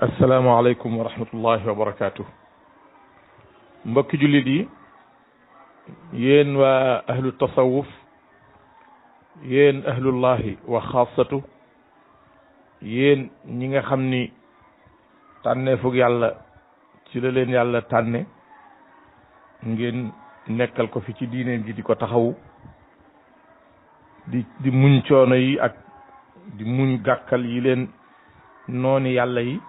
asalaamaaleykum wa rahmatullahi wa barakaatu. mbokki jullit yi yéen waa ahlu tasawuf yéen ahlullahi wa xaasatu yéen ñi nga xam ni tànneefug yàlla ci la leen yàlla tànne ngeen nekkal ko fi ci diineem ji di ko taxawu di di muñ coono yi ak di muñ gàkkal yi leen nooni yàlla yi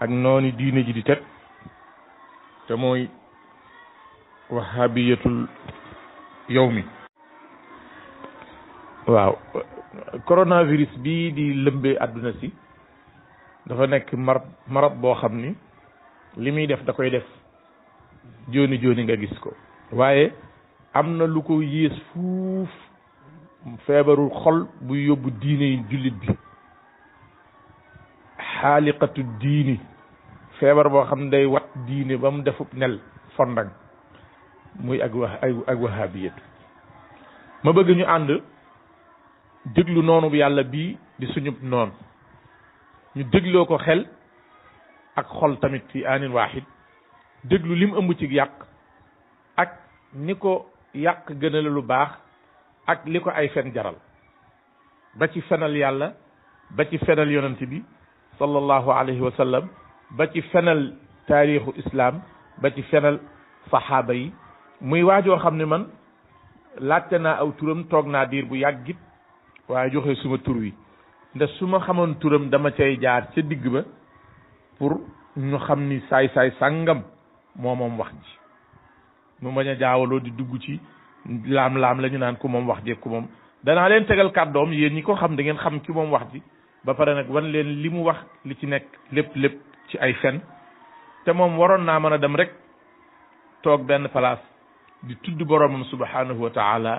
ak nooni diine ji di teg te mooy wahabiyatul yow mi waaw coronavirus bii di lëmbee àdduna si dafa nekk marab marab boo xam ni li muy def da koy def jooni jooni nga gis ko waaye am na lu ko yées fuuf feebarul xol buy yóbbu diine yi jullit bi xaaliqatu diini feebar boo xam ne wat diine ba mu defub nel fondang muy ak wax ma bëgg ñu ànd déglu noonu yàlla bii di suñub noonu ñu dégloo ko xel ak xol tamit fi anin waahid déglu lim ëmb ci yàq ak ni ko yàq gënale lu baax ak li ko ay fen jaral ba ci fenal yàlla ba ci fenal yonent bi sallallahu alayhi wa ba ci fenal taarixu islam ba ci fenal saxaaba yi muy waajoo xam ne man laajte naa aw turam toog naa diir bu yàggit waaye joxe suma tur wi nde su ma xamoon turam dama cay jaar ca digg ba pour ñu xam ni saay-saay sàngam moo moom wax ji mu bañ a jaawaloo di dugg ci laam-laam la ñu naan ku moom wax ji moom danaa leen tegal kàddoom yéen ñi ko xam da ngeen xam ki moom wax ji ba pare nag wan leen li mu wax li ci nekk lépp lépp ci ay fen te moom waroon naa mën a dem rek toog benn place di tudd boroomam subhanahu wa taala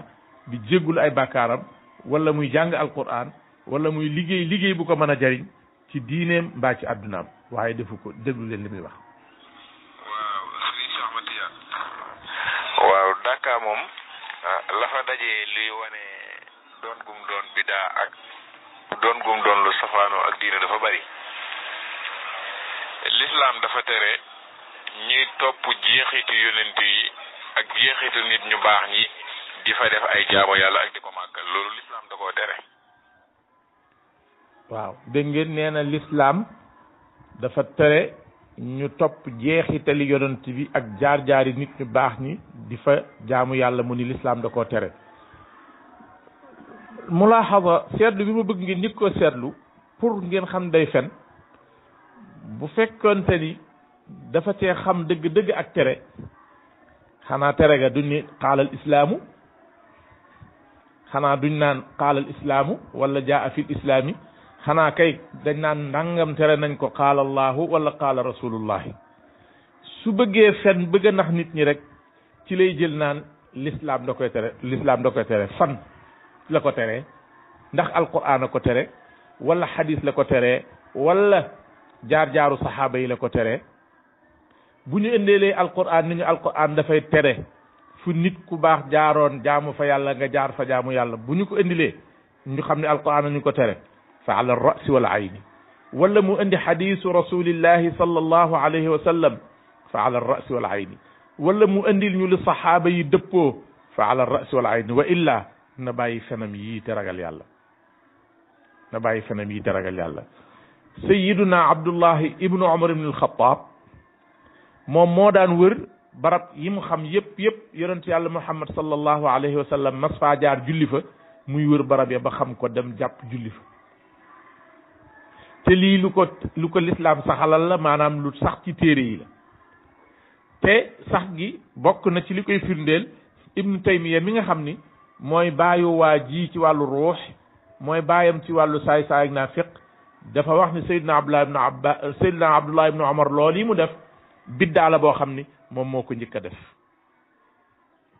di jéggul ay bàkkaaram wala muy jàng alquran wala muy liggéey liggéey bu ko mën a jariñ ci diineem mbaa ci addunaam waaye defu ko déglu leen li muy wax waaw sëriñ Cheikh Matia moom ah, la dajee luy wane doon gum doon bidaa ak doon gum doon lu safaanoo ak diine dafa bari lislaam dafa tere ñuy topp jeexitu yonent yi ak jeexitu nit ñu baax ñi di fa def ay jaamo yàlla ak di ko màggal loolu lislaam da koo tere nee na lislaam dafa tere ñu topp jeexitali yonent bi ak jaar-jaari nit ñu baax ñi di fa jaamu yàlla mu ni lislaam da koo tere mulaaxaba seetlu bi ma bëgg ngeen njëkk ko seetlu pour ngeen xam day fen bu fekkonte ni dafa cee xam dëgg-dëgg ak tere xanaa tere ga duñ ni xaalal islaamu xanaa duñ naan xaalal islaamu wala jaa fil islaami xanaa kay dañ naan ndàngam tere nañ ko qaala allahu wala qaala rasulullahi su bëggee fen bëgg a nax nit ñi rek ci lay jël naan lislaam da koy tere l'islam da koy tere fan la ko teree ndax alquran a ko tere wala xadis la ko teree wala jaar-jaaru saxaaba yi la ko tere bu ñu indeelee alquran ni ñu alquran dafay tere fu nit ku baax jaaroon jaamu fa yàlla nga jaar fa jaamu yàlla bu ñu ko indilee ñu xam ne alquran ñu ko tere fa ala rasi wal ayni wala mu indi xadisu rasulillahi sallallahu alayhi wa sallam fa ala rasi wal ayni wala mu indil ñu li saxaaba yi dëppoo fa ala rasi wal ayni wa illa na bàyyi fenam yii te ragal yàlla na bàyyi fenam yii te ragal yàlla sayiduna abdullahi ibnu omar ibnu alxataab moom moo daan wër barab yi mu xam yëpp yëpp yonent yàlla muhammad sallallahu alayhi wa sallam mas faa jaar julli fa muy wër barab ya ba xam ko dem jàpp julli fa te lii lu ko lu ko lislaam saxalal la maanaam lu sax ci téere yi la te sax gi bokk na ci li koy firndeel ibnu taymiya mi nga xam ni mooy baayu waa ji ci wàllu ruux mooy baayam ci wàllu saay saay ak naa fiq dafa wax ni Seydina Abdullah ibnu Abba Seydina Abdullah ibnu Omar loolu yi mu def biddaa la boo xam ni moom moo ko njëkk a def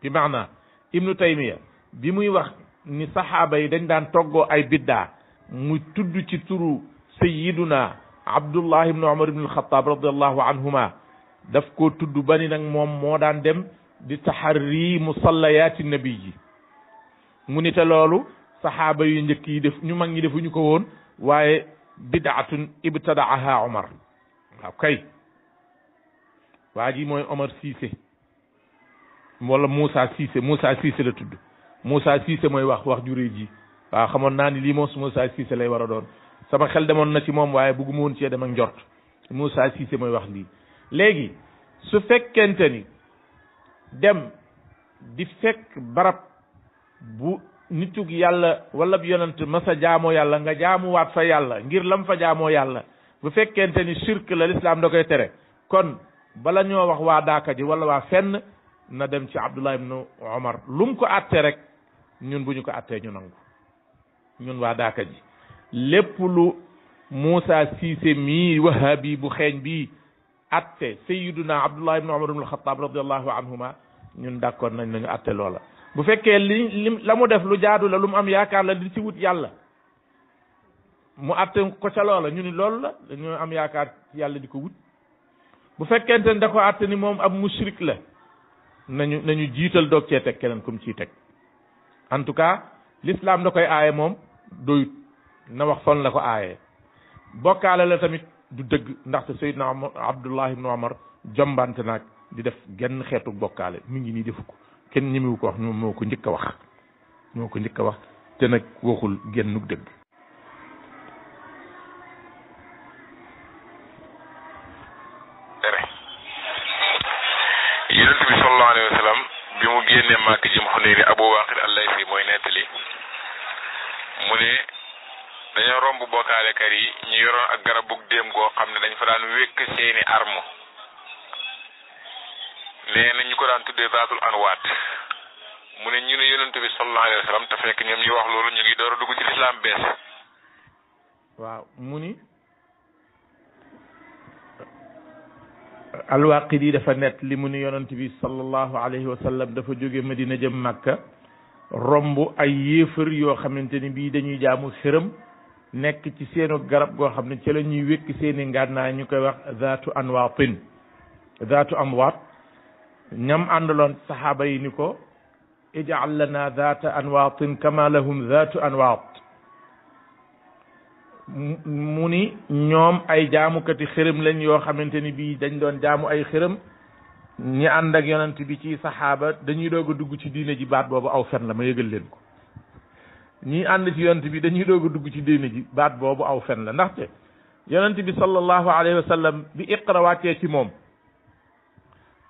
bi maana ibnu Taymiya bi muy wax ni saxaaba yi dañ daan toggoo ay biddaa mu tudd ci turu Sayyiduna Abdullah ibnu Omar ibnu Alxataab radiallahu anhuma daf ko tudd ba ni moom moo daan dem di taxarri musallayaati nabi yi mu ni te loolu saxaaba yu njëkk yi def ñu mag ñi defuñu ko woon waaye bidaatun ibtadaaha omar waaw kay waa ji mooy omar siise wala moussa siise moussa siise la tudd moussa siise mooy wax wax juré ji waaw xamoon naa ni lii moos moussa siise lay war a doon sama xel demoon na ci moom waaye bëgguma woon cee dem ak njort moussa siise mooy wax lii léegi su fekkente ni dem di fekk barab bu nitug yàlla wala bi yonent masa jaamoo yàlla nga jaamuwaat fa yàlla ngir lam fa jaamoo yàlla bu fekkente ni shirk la lislaam da koy tere kon bala ñoo wax waa daaka ji wala waa fenn na dem ci abdullah ibnu omar lu mu ko àttee rek ñun bu ñu ko àttee ñu nangu ñun waa daaka ji lépp lu Moussa Cissé mii wahabi bu xeeñ bii àtte sayyiduna abdullah ibnu omar ibnu alxataab radiallahu anhuma ñun d'accord nañ nañu àtte loola bu fekkee li li la mu def lu jaadu la lu mu am yaakaar la di ci wut yàlla mu àtte ko ca loola ñu ni loolu la dañoo am yaakaar yàlla di ko wut bu fekkente ne da ko àtte ni moom ab mushrik la nañu nañu jiital doog cee teg keneen comme ciy teg en tout cas l'islam da koy aaye moom doyut na wax fan la ko aayee bokkaale la tamit du dëgg ndaxte Seydina Abdullah ibn Omar jombante naag di def genn xeetu bokkaale mi ngi nii defu ko kenn ñemewu ko wax moom moo ko njëkk a wax moo ko njëkk a wax te nag waxul génnug dëgg yonent bi sallallahu alayhi wa bi mu génnee màkk jëm xuneeri abu waaqir allaysi mooy nettali mu ne dañoo romb bokkaalekat yi ñu yoroon ak garab bu déem goo xam ne dañ fa daan wékk seeni arme léegi nag ñu ko daan tuddee baatul anwaat mu ne ñu ne yonent bi sallallahu dafa net li mu ni yonent bi sallallahu alayhi dafa jóge Madina jëm Makka romb ay yéefar yoo xamante ni bii dañuy jaamu xërëm nekk ci seenu garab goo xam ne ci la ñuy wékk seeni ñu koy wax zaatu anwaatin zaatu anwaat ñam àndaloon saxaaba yi ni ko ijaal lana zaata anwaatin kama lahum zaatu anwaat mu ni ñoom ay jaamukati xërëm lañ yoo xamante ni bii dañ doon jaamu ay xërëm ñi ànd ak yonent bi ci saxaaba dañuy doog a dugg ci diine ji baat boobu aw fen la ma yëgal leen ko ñi ànd ci yonent bi dañuy doog a dugg ci diine ji baat boobu aw fen la ndaxte yonent bi sallallahu alayhi wa bi iqra wàccee ci moom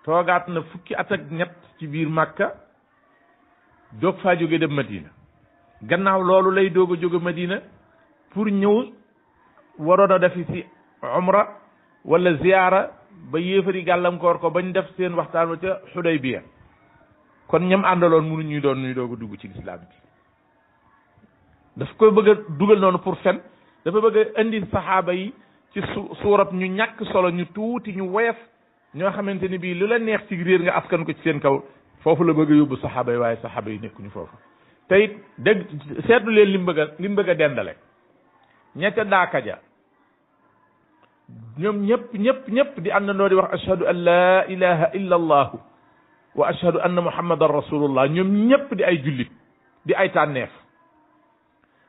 toogaat na fukki at ak ñett ci biir màkka doog faa jóge dem madina gannaaw loolu lay doog a jóge madina pour ñëw waroon a defi ci umra wala ziyaara ba yéefari gàllankoor ko bañ def seen waxtaan wa ca Xudaybiya kon ñam àndaloon mënu ñuy doon ñuy doog a dugg ci lislaam bi daf koy bëgg a dugal noonu pour fen dafa bëgg a indi saxaaba yi ci su ñu ñàkk solo ñu tuuti ñu woyof ñoo xamante ni bii lu la neex ci réer nga askan ko ci seen kaw foofu la bëgg a yóbbu saxaaba yi waaye saxaaba yi nekkuñu foofu tey it dégg seetlu leen li mu bëgg a li mu bëgg a dendale ñette daakaja ñoom ñëpp ñëpp ñëpp di àndandoo di wax ashhadu an laa ilaha illa allahu wa ashhadu anna muhammadan rasulullah ñoom ñëpp di ay jullit di ay tànneef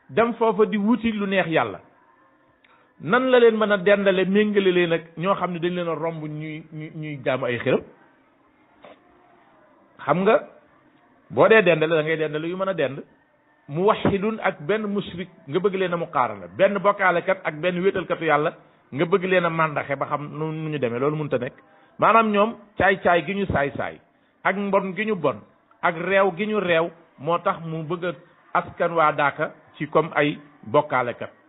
dem foofa di wuti lu neex yàlla nan la leen mën a dendale méngale leen ak ñoo xam ne dañ leen a romb ñuy ñuy jaamu ay xërëm xam nga boo dee dendale da ngay dendale yu mën a dend mu waxidun ak benn musrik nga bëgg leen a mu xaarala benn bokkaalekat ak benn wéetalkatu yàlla nga bëgg leen màndaxe ba xam nu ñu demee loolu mënta nekk maanaam ñoom caay-caay gi ñu saay-saay ak mbon gi ñu bon ak réew gi ñu réew moo tax mu bëgg a askan waa daaka ci comme ay bokkaalekat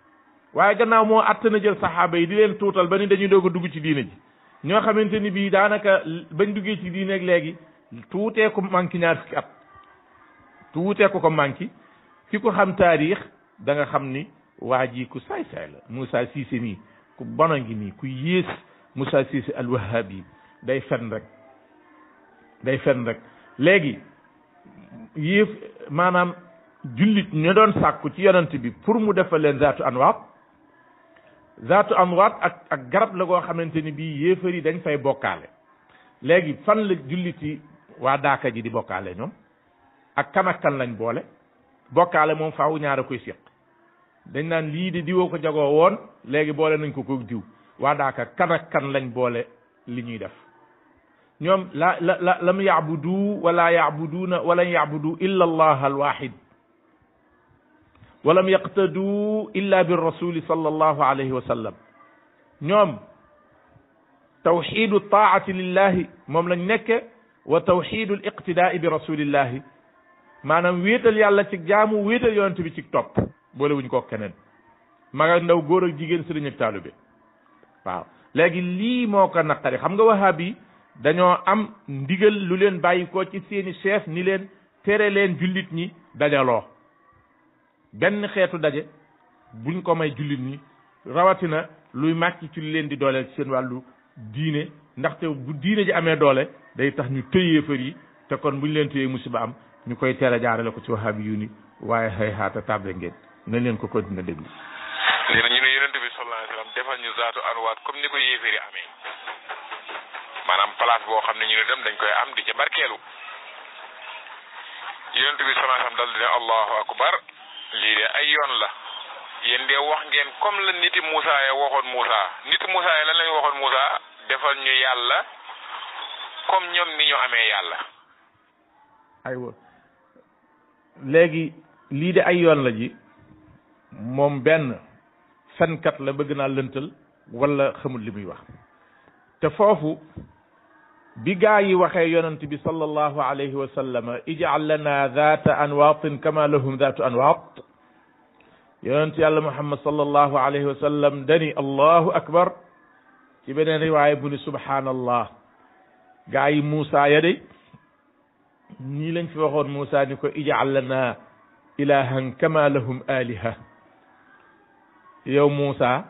waaye gannaaw moo àtt na jël saxaaba yi di leen tuutal ba ni dañuy doog a dugg ci diine ji ñoo xamante ni bii daanaka bañ duggee ci diine ak léegi tuutee ko manqué ñaar fukki at tuutee ko ko manqué ki ko xam taarix da xam ni waa ji ku saay-saay la Moussa Cissé nii ku bono ngi nii ku yées Moussa Cissé al Wahhab yi day fen rek day fen rek léegi yéef maanaam jullit ñu doon sàkku ci yonent bi pour mu defal leen zaatu anwaat zaatu amwaat ak ak garab la goo xamante ni bii yéefar yi dañ fay bokkaale léegi fan la julliti waa daaka ji di bokkaale ñoom ak kan kan lañ boole bokkaale moom faw ñaara koy séq dañ naan lii de diwo ko jagoo woon léegi boole nañ ko ko diw waa daaka kan kan lañ boole li ñuy def ñoom la la la lam yaabudu wala yaabuduuna wala yaabudu illa allah al wahid walam yaqtadu illa bi rasuli sallallahu alayhi wa sallam ñoom tawxidu taati lillahi moom lañ nekke wa tawxidu l iqtidaai bi rasulillahi maanaam wéetal yàlla ci jaamu wéetal yonent bi ci topp boole wuñ ko keneen mag ak ndaw góor ak jigéen sëriñ ak taalibe waaw léegi lii moo ko naqari xam nga wahaab yi dañoo am ndigal lu leen bàyyi ko ci seeni chef ni leen tere leen jullit ñi dajaloo benn xeetu daje buñ ko may jullit ñi rawatina luy màcc ci leen di dooleel ci seen wàllu diine ndaxte bu diine ji amee doole day tax ñu tëyee fër yi te kon buñ leen tëyee musiba am ñu koy teel jaarale ko ci waxaabi yu ni waaye xëy xaata table ngeen ne leen ko continuer déglu. nee na ñu ne yonente bi sallallahu alayhi wa sallam defal ñu zaatu anwaat comme ni ko yéeféeri amee maanaam place boo xam ne ñu ne dem dañ koy am di ca barkeelu yonente bi sallallahu alayhi dal di allahu lii de ay yoon la yéen de wax ngeen comme la niti Moussa ya waxoon Moussa niti Moussa ya lan lañu waxoon Moussa defal ñu yàlla comme ñoom ni ñu amee yàlla aywa léegi lii de ay yoon la ji moom benn fenkat la bëgg naa lëntal wala xamul li muy wax te foofu bi gaa yi waxee yonent bi sallallahu alayhi wa sallam ij'al lana zaata anwaatin kama lahum zaatu anwaat yonent yàlla muhammad sallallahu alayhi wa sallam dani allahu akbar ci beneen riwaaya bu ni subhaanallah gaa yi Muusa ya de nii lañ fi waxoon Muusa ni ko ij'al lana ilahan kama lahum aliha yow Muusa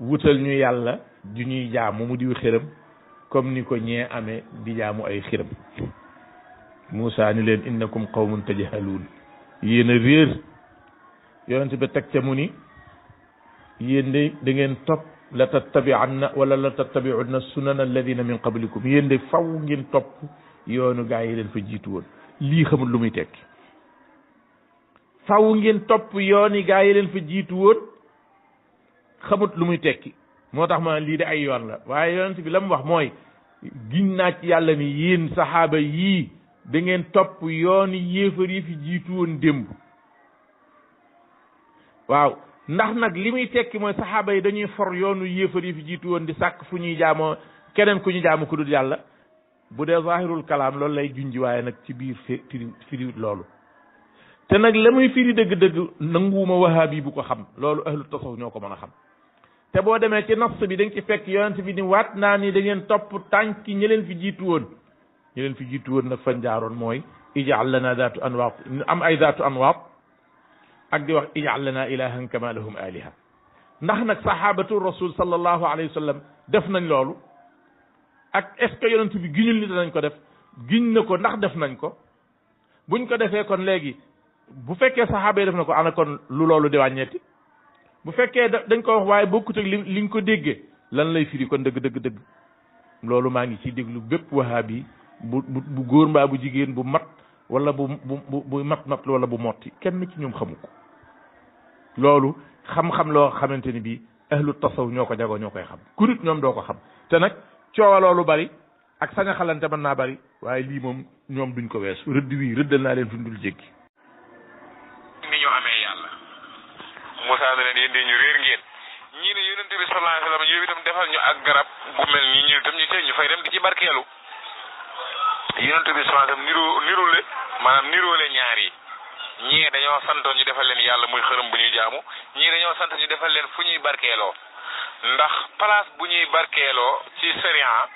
wutal ñu yàlla ju ñuy jaamu mu diw xëram comme ni ko ñee ame dijaamu ay xiram Moussa ni leen innakum qawmun tajhaluun yéen a réer yonent ba teg ca mu ni yéen de da ngeen topp la tattabianna wala la tattabiunna sunana alladina min qablikum yéen de faw ngeen topp yoonu gaa yi leen fa jiitu lii xamul lu muy tekki faw ngeen topp yooni gaa yi leen fa jiitu woon xamut lu muy tekki moo tax ma lii de ay yoon la waaye yonent bi la mu wax mooy giñ naa ci yàlla ni yéen saxaaba yii da topp yoon yéefar yi fi jiitu woon démb waaw ndax nag li muy tekki mooy saxaaba yi dañuy for yoonu yéefar yi fi jiitu woon di sàkk fu ñuy jaamoo keneen ku ñu jaamu ku yàlla bu dee zahirul kalaam loolu lay junji waaye nag ci biir firi firi loolu te nag la muy firi dëgg-dëgg nanguwuma wahaab yi bu ko xam loolu ahlu tasawuf ñoo ko mën a xam te boo demee ci nass bi da ci fekk yonent bi ni waat naa ni da ngeen topp tànk ñi leen fi jiitu woon ñi leen fi jiitu woon nag fan jaaroon mooy ijaal lana daatu anwaat am ay daatu anwaat ak di wax ijaal lana ilahan ndax nag sahabatu rasul sallallahu alayhi wa sallam def nañ loolu ak est yonent bi giñul ni ko def giñ na ko ndax def nañ ko buñ ko defee kon léegi bu fekkee saxaaba yi def na ko ana kon lu loolu di wàññeeti bu fekkee dañ koy wax waaye bokkut ak li li nga ko déggee lan lay firi kon dëgg dëgg dëgg loolu maa ngi ciy déglu bépp wahabi bu bu bu góor mbaa bu jigéen bu mat wala bu bu bu bu motti kenn ci ñoom xamu loolu xam-xam loo xamante ni bii ahlu tasaw ñoo ko jagoo ñoo koy xam kurit ñoom doo ko xam te nag coowa loolu bari ak saña xalante mën naa bari waaye lii moom ñoom duñ ko weesu rëdd wii rëddal naa leen fi ndul jéggi Musaa ne leen ñu réer ngeen ñii ne yonent bi sallallahu alayhi wa sallam yow itam defal ñu ak garab gu mel nii ñu itam ñu cee ñu fay dem di ci barkeelu yonent bi sallallahu alayhi wa sallam niroo nirule maanaam niroole ñaar yi ñii dañoo santoon ñu defal leen yàlla muy xërëm bu ñuy jaamu ñii dañoo sant ñu defal leen fu ñuy barkeeloo ndax place bu ñuy barkeeloo ci sharia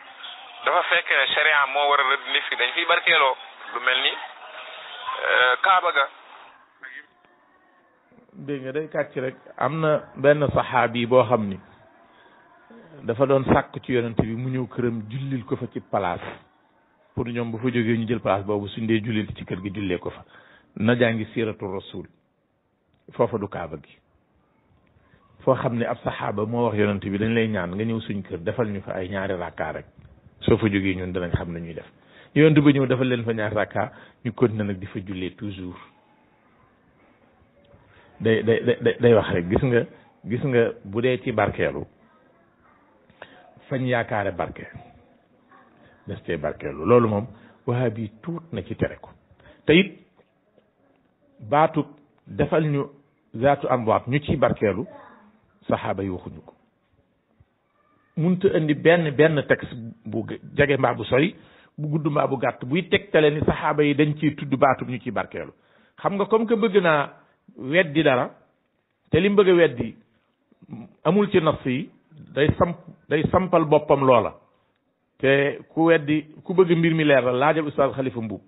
dafa fekk ne moo war a rëdd nit fi dañ fiy barkeeloo lu mel ni euh, Kaaba ga dégg nga day kàcc rek am na benn yi boo xam ni dafa doon sàkk ci yonent bi mu ñëw këram jullil ko fa ci palaas pour ñoom bu fa jógee ñu jël palaas boobu suñ dee jullil ci kër gi jullee ko fa na jàngi siiratu rasul foofa du kaaba gi foo xam ne ab saxaaba moo wax yonent bi dañ lay ñaan nga ñëw suñ kër defal ñu fa ay ñaari rakka rek soo fa jógee ñun danañ xam na ñuy def yonent ba ñëw defal leen fa ñaari ràkkaa ñu continuer nag di fa jullee toujours day day day wax rek gis nga gis nga bu dee ci barkeelu fañ yaakaare barke des tee barkeelu loolu moom waa bi tuut na ci tere ko te it baatub defal ñu zaatu amwaat ñu ciy barkeelu saxaaba yi waxuñu ko munta indi benn benn texte bu jege mbaa bu sori bu gudd mbaa bu gàtt buy tegtale ni saxaaba yi dañ ciy tudd baatub ñu ciy barkeelu xam nga comme que bëgg naa weddi dara te lim mu bëgg a weddi amul ci nafs yi day samp day sampal boppam loola te ku weddi ku bëgg mbir mi leer la laajal ustaas xalifa mbuub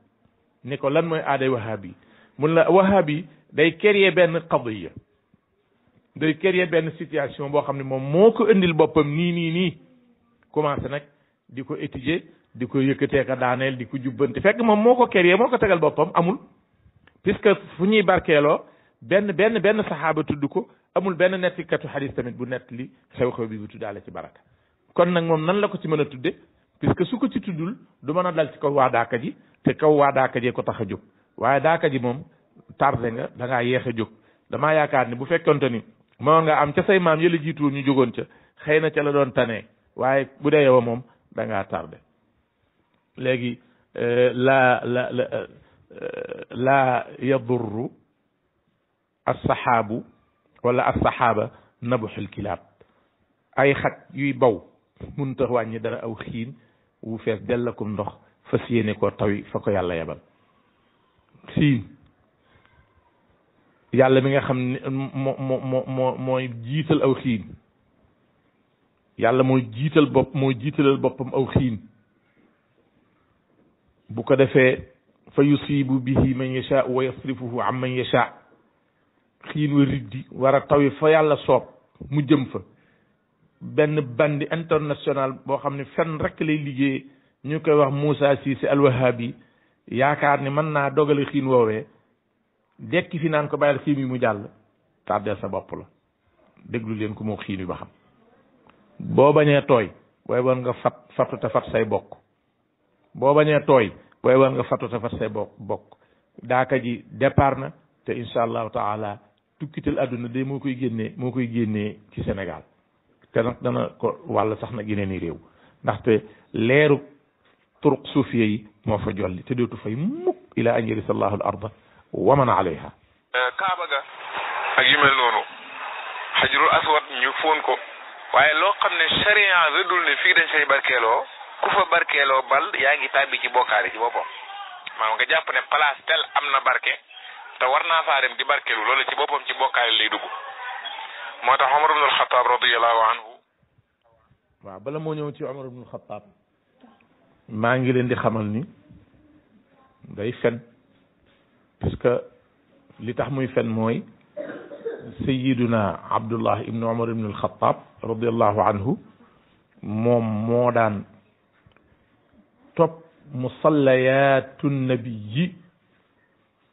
ni ko lan mooy aaday wahaab yi mun la wahaab yi day créer benn qadiya day créer benn situation boo xam ne moom moo ko indil boppam nii nii nii commencé nag di ko étudier di ko yëkkatee ka daaneel di ko jubbanti fekk moom moo ko créer moo ko tegal boppam amul puisque fu ñuy barkeeloo benn benn benn saxaaba tudd ko amul benn nettikatu xadis tamit bu nett li xew-xew bi bu tuddaale ci baraka kon nag moom nan la ko ci mën a tudde que su ko ci tuddul du mën a dal ci kaw waa daaka ji te kaw waa daaka jee ko tax a jóg waaye daaka ji moom tardé nga da ngaa yeex a jóg damaa yaakaar ni bu fekkonte ni moo nga am ca say maam yëla jiituwoon ñu jógoon ca xëy na ca la doon tane waaye bu dee yow moom da ngaa léegi euh, la la la euh, euh, la assaxaabu wala assaxaaba nabuxul kilaab ay xaj yuy baw mun tax wàññi dara aw xiin wu fees dellakum ndox fas yéene ko tawi fa ko yàlla yebal siin yàlla mi nga xam ne moo moo moo mooy jiital aw xiin yàlla mooy jiital bopp mooy jiitalal boppam aw xiin bu ko defee fa yusibu bihi man yasha wa yasrifuhu an man yasha xiin wa riddi war a tawi fa yàlla soob mu jëm fa benn bandi international boo xam ne fenn rek lay liggéey ñu koy wax Moussa Cissé alwahabi yaakaar ni mën naa dogale xiin woowee dekki fi naan ko bàyyil xiin yi mu jàll tardeel sa bopp la déglu leen ko moo xiin wi ba xam boo bañee tooy booy wan nga fat fatu fat say bokk boo bañee tooy booy wan nga fatu te fat say bokk bokk daaka ji départ na te incha allahu taala tukkital àdduna de moo koy génne moo koy génne ci Sénégal te nag dana ko wàll sax nag yeneen i réew ndaxte leeru turuq suufiya yi moo fa jolli te dootu fay mukk ila an yarisa allahu al arda wa man alayha euh, kaaba ga noonu xajrul aswad ñu foon ko waaye loo xam ne charia rëddul ne fii dañ say barkeeloo ku fa barkeeloo bal yaa ngi tàbbi ci bokkaari ci boppam maanaam nga jàpp ne place tel am na barke te war naa faa dem di barkeelu loolu ci boppam ci bokkaale lay dugg moo tax Omar ibnul Xataab radiyallahu anhu moo ñëw ci Omar ibnul Xataab ngi leen di xamal ni day fen puisque li tax muy fen mooy sayiduna abdullah ibnu omar ibnu alxataab radiallahu anhu moom moo daan topp musallayaatu nabiyi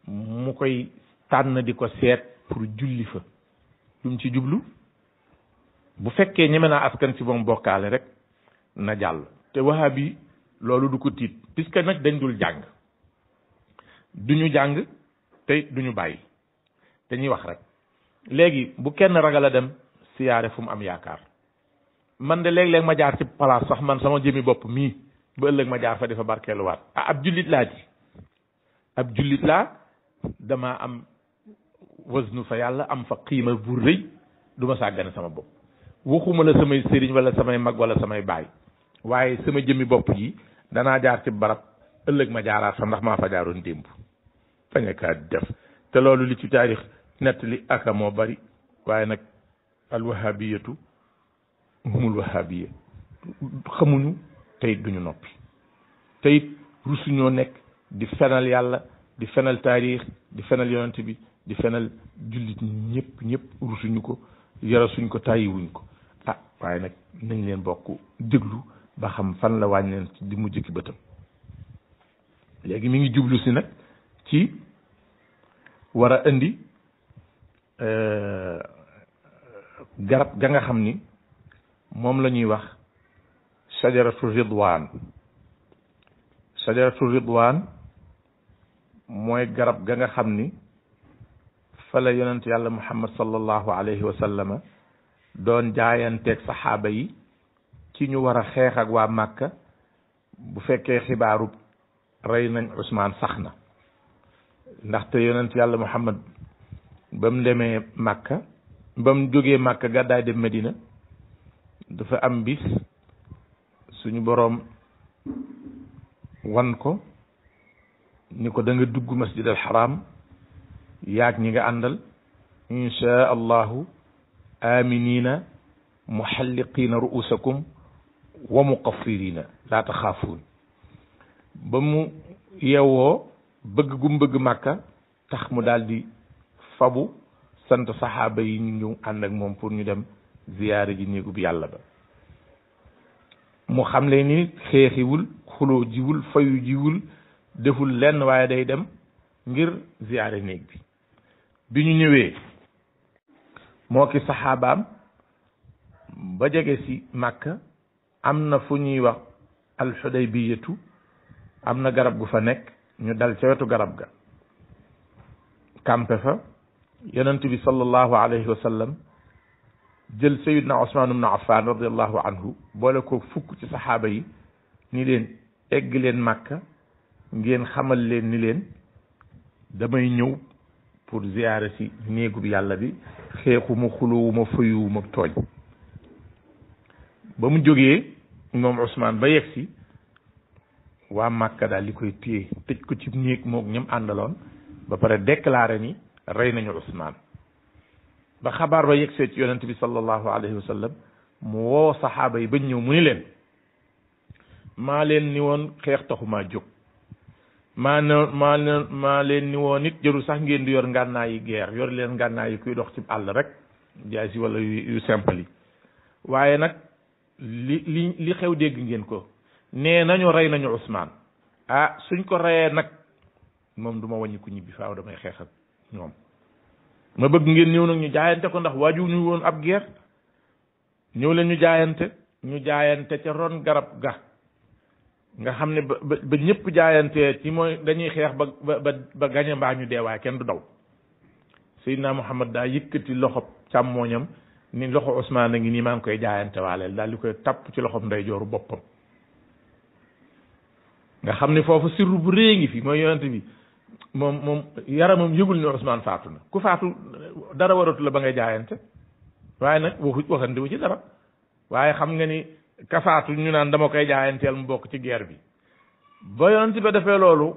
mu koy tànn di ko seet pour julli fa lu mu ci jublu bu fekkee ñeme naa askan si moom bokkaale rek na jàll te wahabi loolu du ko tiit puisque nag dañ dul jàng du ñu jàng te du ñu bàyyi dañuy wax rek léegi bu kenn ragal a dem siyaare fu mu am yaakaar man de léeg-léeg ma jaar ci palaas sax man sama jëmi bopp mii ba ëllëg ma jaar fa dafa barkeeluwaat ah ab jullit laa ji ab jullit laa damaa am wasnu fa yàlla am fa xiima bu rëy du ma sama bopp waxuma la samay sëriñ wala samay mag wala samay baay waaye sama jëmmi bopp ji danaa jaar ci barab ëllëg ma jaaraat fa ndax maa fa jaaroon démb fañakaa def te loolu li ci taarix nettali aka moo bari waaye nag alwahabiyatu humul wahabiya xamuñu tey duñu noppi tey rusuñoo nekk di fenal yàlla di fenal taarix di fenal yonent bi di fenal jullit ñëpp ñëpp rusuñu ko yarasuñ ko tàyyiwuñ ko ah waaye nag nañ leen bokk déglu ba xam fan la wàññi leen di mujj ki bëtam léegi mu ngi jublu si nag ci war a indi euh, garab ga nga xam ni moom la ñuy wax sajaratu ridwaan sajaratu ridwaan mooy garab ga nga xam ni fa la yonent yàlla muhammad sallallahu alayhi wa sallama doon jaayanteeg saxaaba yi ci ñu war a xeex ak waa Màkka bu fekkee xibaaru rey nañ Ousmane sax na ndaxte yonent yàlla muhammad ba mu demee Màkka ba mu jógee Màkka gàddaay dem Medina dafa am bis suñu boroom wan ko ni ko da nga dugg masjid al haram yaag ñi nga àndal inchaa allahu aminina muhalliqina ru'usakum wa muqaffirina laa taxaafuun ba mu yewwoo bëgg gum bëgg màkka tax mu daal fabu sant saxaaba yi ñu ñëw moom pour ñu dem ziyaare ji néegu bi yàlla ba mu xam le ni xeexiwul xuloo jiwul fayu jiwul deful lenn waaye day dem ngir ziyaare néeg bi bi ñu ñëwee moo ki saxaabaam ba jege ci màkka am na fu ñuy wax alxudaybiyatu am na garab gu fa nekk ñu dal ca wetu garab ga kampe fa yonent bi sallallahu alayhi wa sallam jël sayidna osmaan ibnu affan radiallahu anhu boole ko fukk ci saxaaba yi ni leen egg leen màkka ngeen xamal leen ni leen damay ñëw pour ziyaare si néegub yàlla bi xeexuma xulowuma fëyuwuma tooñ ba mu jógee moom Ousmane ba yegg waa Màkka daal li koy téye tëj ko ci néeg moo ñam àndaloon ba pare déclaré ni rey nañu Ousmane ba xabaar ba yegsee ci yonent bi sallallahu alayhi wa mu woo saxaaba yi bañ ñëw mu ni leen maa leen ni woon xeex taxumaa jóg maa ne maa leen ni woon it jëru sax ngeen di yor ngànnaay yi geer yor leen ngànnaay yi kuy dox ci àll rek jaay si wala yu simple waaye nag li li li xew dégg ngeen ko nee nañu rey nañu Ousmane ah suñ ko reyee nag moom duma ma ñibbi ku ñibbi damay xeex ak ma bëgg ngeen ñëw nag ñu jaayante ko ndax waaju ñu woon ab guerre ñëw leen ñu jaayante ñu jaayante ca ron garab ga nga xam ne ba ba ñëpp jaayante ci mooy dañuy xeex ba ba ba gañe mbaa ñu dee waaye kenn du daw Seydina Muhammad daa yëkkati loxo càmmooñam ni loxo Ousmane a ngi nii maa ngi koy jaayante waaleel daal di koy tapp ci loxoom ndeyjooru boppam. nga xam ne foofu sirru bu rëy fii fi mooy yonent moom moom yaramam yëgul ne Ousmane faatu na ku faatu dara waratu la ba ngay jaayante waaye nag waxu waxandi wu ci dara waaye xam nga ni. kafaatu ñu naan dama koy jaayanteel mu bokk ci geer bi ba yonent ba defee loolu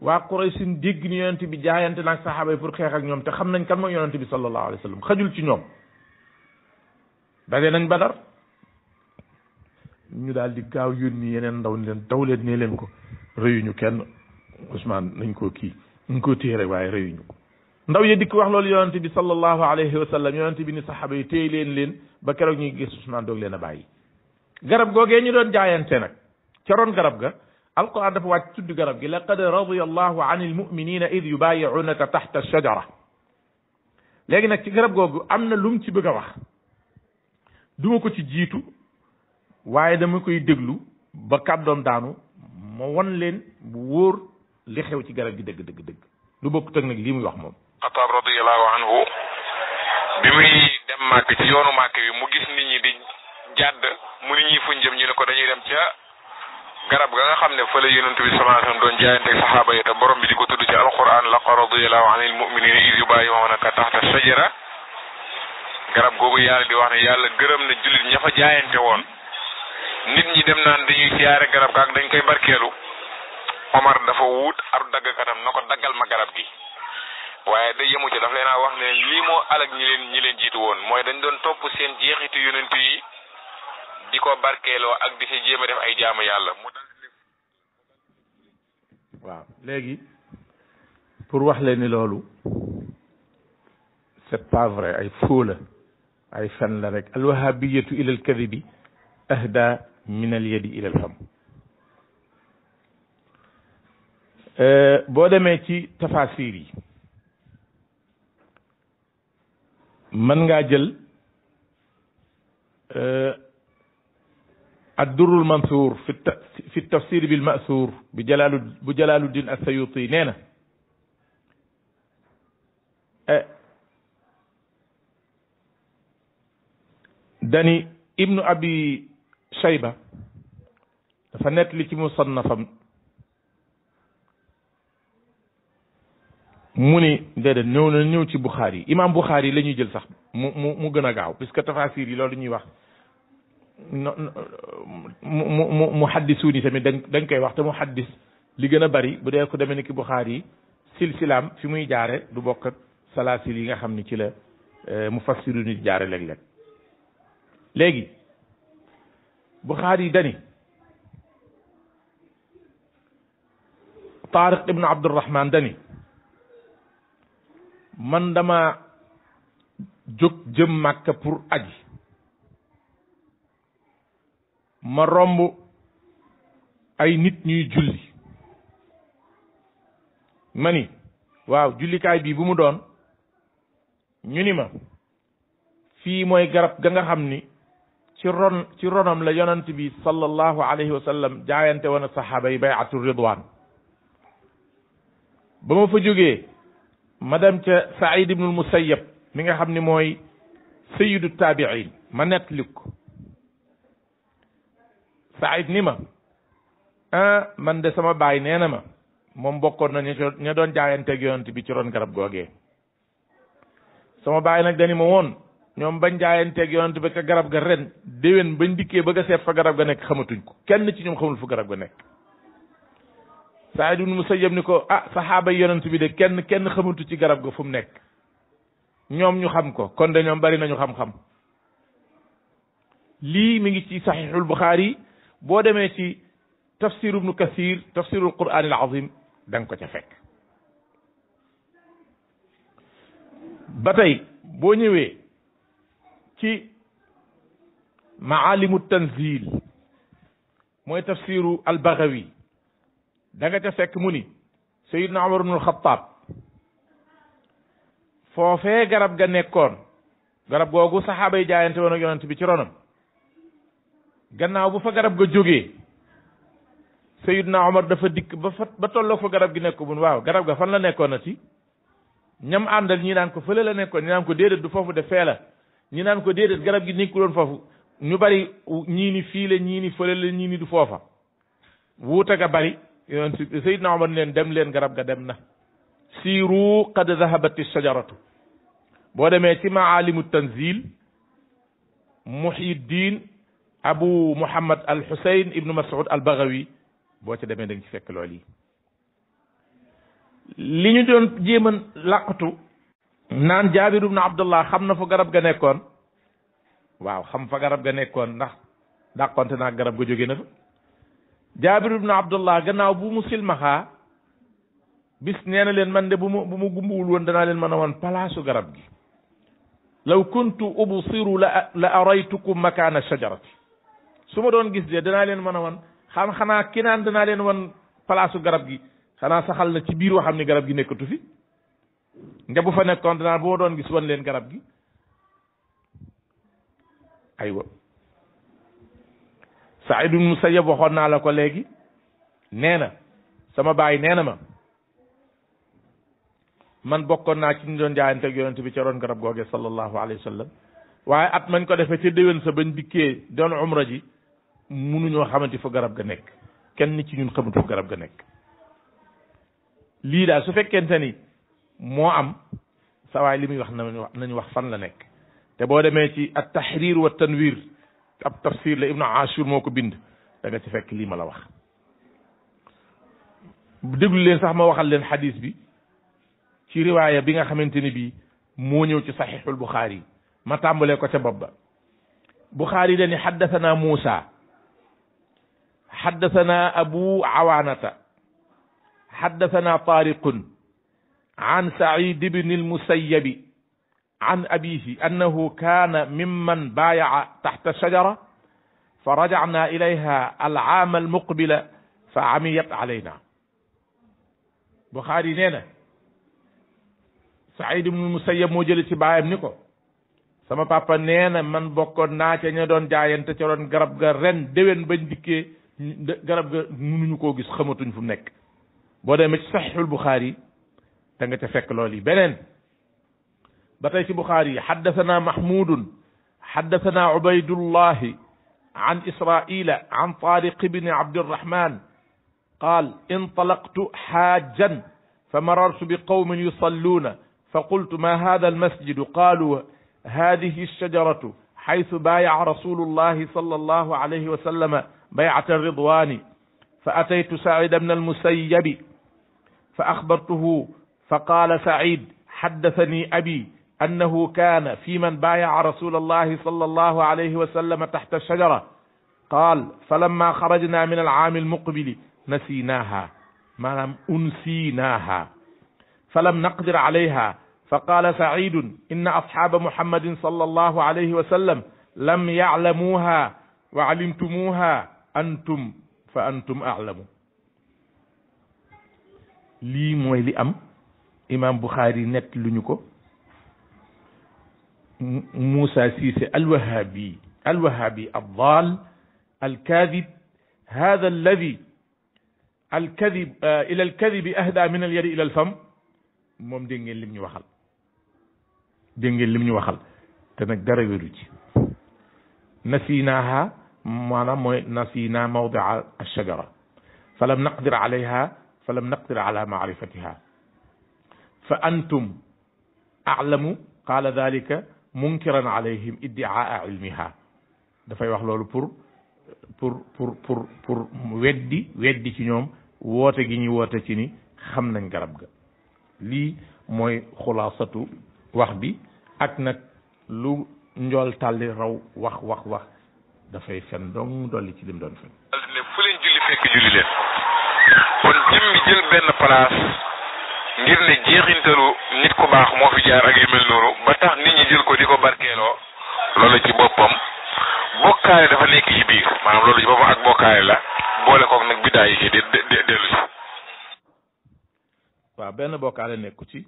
waa Quraysin dégg ni yonent bi jaayante naag saxaaba yi pour xeex ak ñoom te xam nañ kan mooy yonent bi sallallahu alayhi wa sallam xajul ci ñoom daje nañ Badar ñu daal di gaaw yónni yeneen ndaw ni leen daw leen ne leen ko rëyuñu kenn Ousmane nañ koo kii ñu ko téere waaye rëyuñu ko ndaw ya dikk wax loolu yonent bi sallallahu alayhi wa sallam yonent bi ni saxaaba yi téye leen leen ba keroog ñuy gis Ousmane doog leen a bàyyi garab googee ñu doon jaayante nag ca roon garab ga alquran dafa wàcc tudd garab gi laqad radiya allahu an almuminina id yubayiunaka taxta alshajara léegi nag ci garab googu am na lum ci bëgg a wax duma ko ci jiitu waaye dama koy déglu ba kàddoom daanu ma won leen bu wóor li xew ci garab gi dëgg dëgg dëgg lu bokk teg nag lii muy wax moom xataab radiallahu anhu bi muy dem màkk ci yoonu màkk bi mu gis nit ñi di jàdd mu ni ñuy fuñ jëm ñu ne ko dañuy dem ca garab ga nga xam ne fa la yonent bi sallallahu alayhi wa sallam doon jaayanteeg saxaaba yi te borom bi di ko tudd ci alquran laqad radiyallahu anil mu'minina iz yubayi'unaka tahta shajara garab wax ne gërëm na jullit ña fa jaayante woon nit ñi dem naan dañuy siyaare garab ga ak dañ koy barkeelu Omar dafa wut ab daggkatam na ko daggal ma garab gi waaye da yemu ci daf leen a wax ne lii moo alag ñi leen jiitu woon mooy dañ doon topp seen jeexitu yonent yi di ko barkeeloo ak di si jéem def ay jaamu yàlla mu waaw léegi pour wax leen ni loolu c'est pas vrai ay faux la ay fen la rek alwahabiyatu ila alkadibi ahda min alyadi ila alfam euh, boo demee ci tafasir yi mën ngaa jël euh, addurul mansuur fi fi tafsir bil masuur bi jalaalu bu jalaaluddin assayuti nee na dani ibnu abi shayba dafa nett li ci musannafam mu ni déedéet ñëw na ñëw ci buxaari yi imaam buxaari yi la ñuy jël sax mu mu mu gën a gaaw puisque tafasir yi loolu ñuy wax no mu mu mu mu xaddisuun yi tamit dañ dañ koy wax te mu xaddis li gën a bari bu dee ko demee ni ki Buxaari yi silsilaam fi muy jaare du bokk ak salaasil yi nga xam ni ci la eh, mufassiruun yi jaare léeg-léeg léegi Buxaari yi dani Taariq ibnu Abdurahman dani man dama jóg jëm Màkka pour aji ma romb ay nit ñuy julli ma ni waaw jullikaay bii bu mu doon ñu ni ma fii mooy garab ga nga xam ni ci ron ci ronam la yonent bi sallallahu alayhi wa jaayante wana ak saxaaba yi bayatu ridwaan ba ma fa jógee ma dem ca Saïd ibnul Musayyab mi nga xam ni mooy sayyidu taabiin ma nettaliku Saïd ni ma ah, man de sama baay nee na ma moom bokkoon na ña doon jaayanteeg yonent bi ci ron garab googee sama baay nag dani ma woon ñoom bañ jaayanteeg yonent bi ka garab ga ren déwén bañ dikkee bëgg a seet fa garab ga nekk xamatuñ ko kenn ci ñoom xamul fu garab ga nekk Saïd ibn Musayyab ni ko ah saxaaba yonent bi de kenn kenn xamatu ci garab ga fu mu nekk ñoom ñu xam ko kon de ñoom bari nañu xam-xam lii mi ngi ci saxiixul Buxaari boo demee ci tafsir ibnu kathir tafsirul quraanil azim da ko ca fekk ba tey boo ñëwee ci maalimu tanzil mooy tafsiru albagawi da nga ca fekk mu ni sayidna umar ibnul xataab foofe garab ga nekkoon garab googu saxaaba yi jaayante woon ak yonent bi ci ronam gannaaw bu fa garab ga jógee Seydina Omar dafa dikk ba fa ba tolloo fa garab gi nekk mun waaw garab ga fan la nekkoon na ci ñam àndal ñii daan ko fële la nekkoon ñi naan ko déedéet du foofu de fee la ñi naan ko déedéet garab gi nekkuloon foofu ñu bari ñii ni fii ñii ni fële la ñii ni du foofa wuute ga bari yoon Seydina Omar leen dem leen garab ga dem na siiru qad zahabati shajaratu boo demee ci maalimu tanzil muhiddin abu muhammad al husayn ibnu mas'ud al baghawi boo ca demee da nga ci fekk lool yi li ñu doon jéem a làqatu naan jaabir ibnu abdullah xam na fa garab ga nekkoon waaw xam fa garab ga nekkoon ndax dàqonte naa garab ga jóge na fa jaabir ibnu abdullah gannaaw bu mu silmaxaa bis nee na leen man de bu mu bu mu gumbuwul woon danaa leen mën a woon palaasu garab gi law kuntu ubsiru la la araytukum makaana shajarati su ma doon gis de danaa leen mën a wan xam xanaa ki danaa leen wan palaasu garab gi xanaa saxal na ci biir waxam ne garab gi nekkatu fi njabu fa nekkoon danaa bu ma doon gis wan leen garab gi aywa Saïd sa Musayyab waxoon naa la ko léegi nee na sama baay nee na ma man bokkoon naa ci ñu doon jaayante ak bi ca garab googe sallallahu alayhi wa waaye at mañ ko defee ca déwén sa bañ dikkee doon umra ji munuñoo xamante fa garab ga nekk kenn ci ñun xamante fa garab ga nekk lii daal su fekkente ni moo am sawaay li muy wax nañu wax fan la nekk te boo demee ci at tahrir wa tanwir ab tafsir la ibnu ashur moo ko bind da ci fekk lii ma la wax déglu leen sax ma waxal leen xadis bi ci riwaaya bi nga xamante ni bii moo ñëw ci saxiixul buxaari yi ma tàmbalee ko ca bopp ba buxaari dani xaddathana muusa xaddasanaa abu awaanata xaddasanaa taariqun an said ibni almusayyabi an abihi annahu kaana mimman baayaca taxta shajara fa rajacnaa ilayha alcaama almuqbila fa amiyat alayna Buxaari nee na Saïd ibnu Musayyab moo jële ci baayam ni ko sama papa nee na man bokkoon naa ca ña doon jaayante ca doon garab ga ren déwén bañ dikkee garab ga mënuñu koo gis xamatuñ fu nekk boo demee ci saxiixul buxaari da nga ca fekk lool yi beneen ba tey ci buxaari yi xaddasanaa mahmudun xaddasanaa ubaydullahi an israila an taariq ibni abdirahman qaal intalaqtu xaajan fa marartu bi qawmin yusalluuna fa qultu ma hada almasjidu qaalu hadihi alshajaratu xaytu baayaca rasulu allahi sal allahu alayhi wa sallama bay'ata ridwani fa ataytu saida bna almusayabi fa axbartuhu fa qaala said xaddatani abi annahu kaana fi man baayaca rasula allahi sala allahu alayhi wa sallama taxta shajara qaal fa lamma xarajna min alcaami almuqbili nasinaha maanaam unsinaha fa lam naqdir alayha fa qaala saidun inna asxaaba muhammadin sala allahu alayhi wa sallam lam yaclamuuha wa calimtumuuha antum fa antum aalamu lii mooy li am imam Bukhari nett lu ñu ko Moussa Cissé alwahabi alwahabi addaal alkadib hada alladi alkadib euh, ila alkadibi ahda min al yadi ila alfam moom dégg ngeen lim ñu waxal dégg ngeen lim ñu waxal te nag dara wéru ci nasinaaha maanaam mooy nasina mawdia alshajara fa lam naqdir alayha fa lam naqdir ala maarifatiha fa antum aalamu qaala dalika munkiran alayhim iddiaa ilmiha dafay wax loolu pour pour pour pour pour weddi weddi ci ñoom woote gi ñu woote ci ni xam nañ garab ga lii mooy xulaasatu wax bi ak nag lu njool tàlli raw wax wax wax dafay fen dong dolli ci lim doon fen daldi ne fu leen julli fekk julli leen kon jëmmi jël benn place ngir ne jeexintalu nit ku baax moo fi jaar ak yu mel ba tax nit ñi jël ko di ko barkeeloo loolu ci boppam bokkaale dafa nekk ci biir maanaam loolu ci boppam ak bokkaale la boole kook nag biddaa yi di dellu si waaw benn bokkaale nekku ci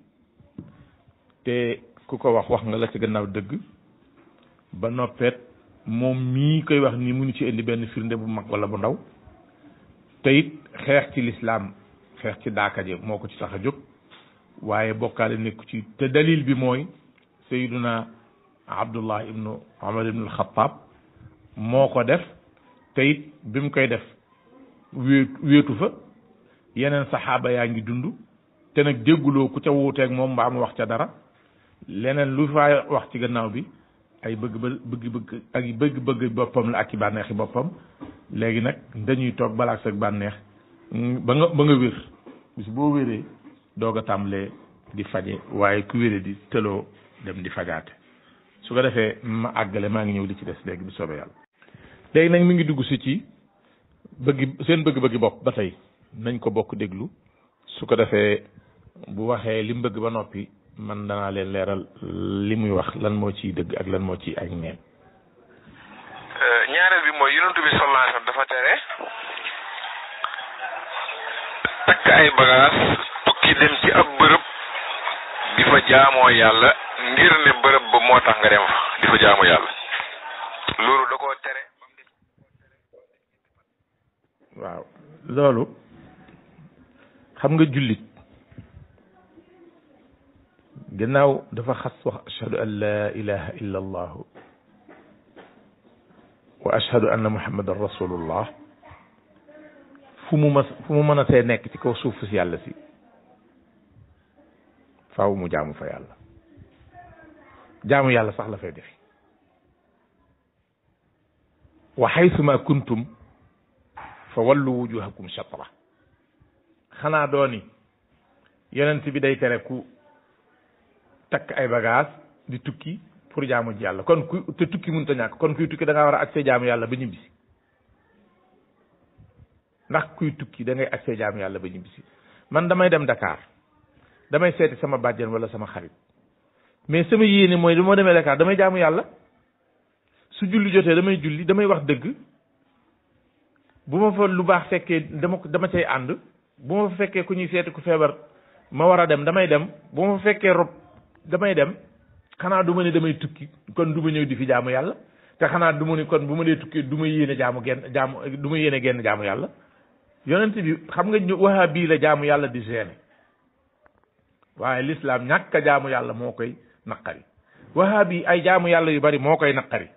te ku ko wax wax nga la ci gannaaw dëgg ba noppeet moom mii koy wax nii mënu ci indi benn firnde bu mag wala bu ndaw te it xeex ci lislaam xeex ci daaka ji moo ko ci sax a jóg waaye bokkaale nekku ci te dalil bi mooy sayduna abdullah ibnu amar ibnu alxataab moo ko def te it bi mu koy def wé wéetu fa yeneen saxaaba yaa ngi dund te nag dégguloo ku ca wuuteeg moom mbaa wax ca dara leneen lu fa wax ci gannaaw bi ay bëgg bëgg bëgg ak bëgg-bëgg boppam la ak i bànneexi boppam léegi nag dañuy toog balaa ak bànneex ba nga ba nga wér bis boo wéree doog a tàmbalee di faje waaye ku wéree di tëloo dem di fajaate su ko defee ma àggale maa ngi ñëw li ci des léegi bu soobee yàlla. léegi nag mi ngi dugg si ci bëgg seen bëgg-bëggi bopp ba tey nañ ko bokk déglu su ko defee bu waxee lim bëgg ba noppi. man danaa leen leeral li muy wax lan moo ciy dëgg ak lan moo ciy ak neen euh, ñaareel bi mooy yonent bi sallallahu alayhi dafa tere takk ay bagages tukki dem ci ab bërëb di fa jaamoo yàlla ngir ne bërëb ba moo tax nga dem fa di fa jaamoo yàlla loolu da koo tere waaw loolu xam nga jullit gannaaw dafa xas wax ashhadu an laa ilaha illa allahu wa ashhadu anna muhammadan rasulullah fu mu mas fu mu mën a tee nekk ci kaw suuf si yàlla si faaw mu jaamu fa yàlla jaamu yàlla sax la fay defi wa xaysuma kuntum fa wallu wujuhakum chatra xanaa dooni yonent bi day tere ku takk ay bagage di tukki pour jaamu ji yàlla kon ku te tukki mënut a ñàkk kon kuy tukki da ngaa war a accès jaamu yàlla ba ñibbisi ndax kuy tukki da ngay accès yàlla ba ñibbisi man damay dem Dakar damay seeti sama bàjjen wala sama xarit mais sama yéene mooy du ma demee Dakar damay jaamu yàlla su julli jotee damay julli damay wax dëgg bu ma fa lu baax fekkee dama dama cay ànd bu ma fa fekkee ku ñuy seeti ku feebar ma war a dem damay dem bu ma fa fekkee rob damay dem xanaa du ma ne damay tukki kon du ma ñëw di fi jaamu yàlla te xanaa du ma ne kon bu ma dee tukki du ma yéene jaamu genn jaamu du ma yéene genn jaamu yàlla yonent bi xam nga ñu waxaa bii la jaamu yàlla di gêné waaye lislaam ñàkk a jaamu yàlla moo koy naqari waxaa bi ay jaamu yàlla yu bari moo koy naqari